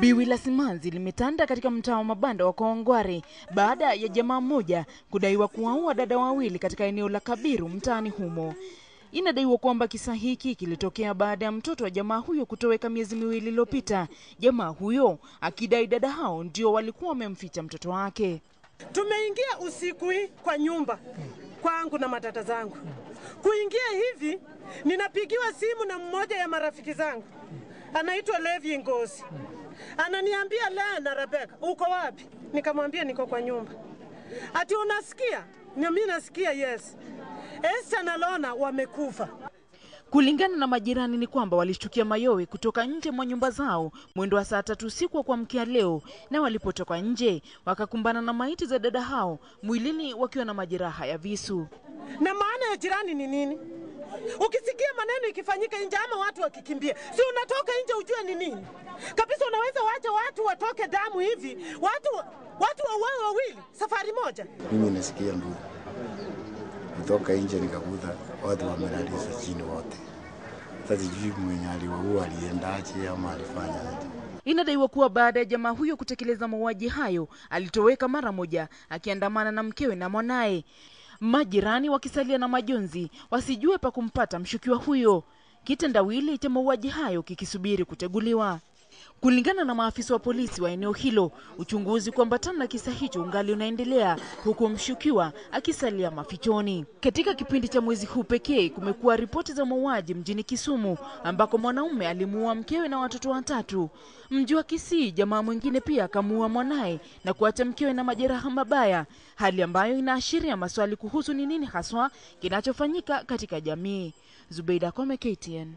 Biwi la simanzi limetanda katika mtaa wa mabanda wa Koongware baada ya jamaa mmoja kudaiwa kuwaua dada wawili katika eneo la Kabiru mtaani humo. Inadaiwa kwamba kisa hiki kilitokea baada ya mtoto wa jamaa huyo kutoweka miezi miwili iliyopita, jamaa huyo akidai dada hao ndio walikuwa wamemficha mtoto wake. Tumeingia usiku hii kwa nyumba kwangu na matata zangu. Kuingia hivi, ninapigiwa simu na mmoja ya marafiki zangu anaitwa Levi Ngozi, ananiambia na Rebeka, uko wapi? Nikamwambia niko kwa nyumba. Ati unasikia? Mimi nasikia, yes. esta na Lona wamekufa. Kulingana na majirani ni kwamba walishtukia mayowe kutoka nje mwa nyumba zao mwendo wa saa tatu usiku wa kuamkia leo, na walipotoka nje wakakumbana na maiti za dada hao mwilini wakiwa na majeraha ya visu. Na maana ya jirani ni nini? Ukisikia maneno ikifanyika nje ama watu wakikimbia, si unatoka nje ujue ni nini kabisa? Unaweza waca watu watoke damu hivi, watu watu wauawe wawili safari moja? Mimi nasikia ndugu kutoka nje nikakuta watu wamelaliza chini wote. Sasa sijui mwenye aliwaua aliendaje ama alifanya alifanyaje. Inadaiwa kuwa baada ya jamaa huyo kutekeleza mauaji hayo alitoweka mara moja akiandamana na mkewe na mwanaye, majirani wakisalia na majonzi wasijue pa kumpata mshukiwa huyo, kitendawili cha mauaji hayo kikisubiri kuteguliwa. Kulingana na maafisa wa polisi wa eneo hilo, uchunguzi kuambatana na kisa hicho ungali unaendelea, huku mshukiwa akisalia mafichoni. Katika kipindi cha mwezi huu pekee kumekuwa ripoti za mauaji mjini Kisumu ambako mwanaume alimuua mkewe na watoto watatu. Mji wa Kisii, jamaa mwingine pia akamuua mwanaye na kuacha mkewe na majeraha mabaya, hali ambayo inaashiria maswali kuhusu ni nini haswa kinachofanyika katika jamii. Zubeida Kome, KTN.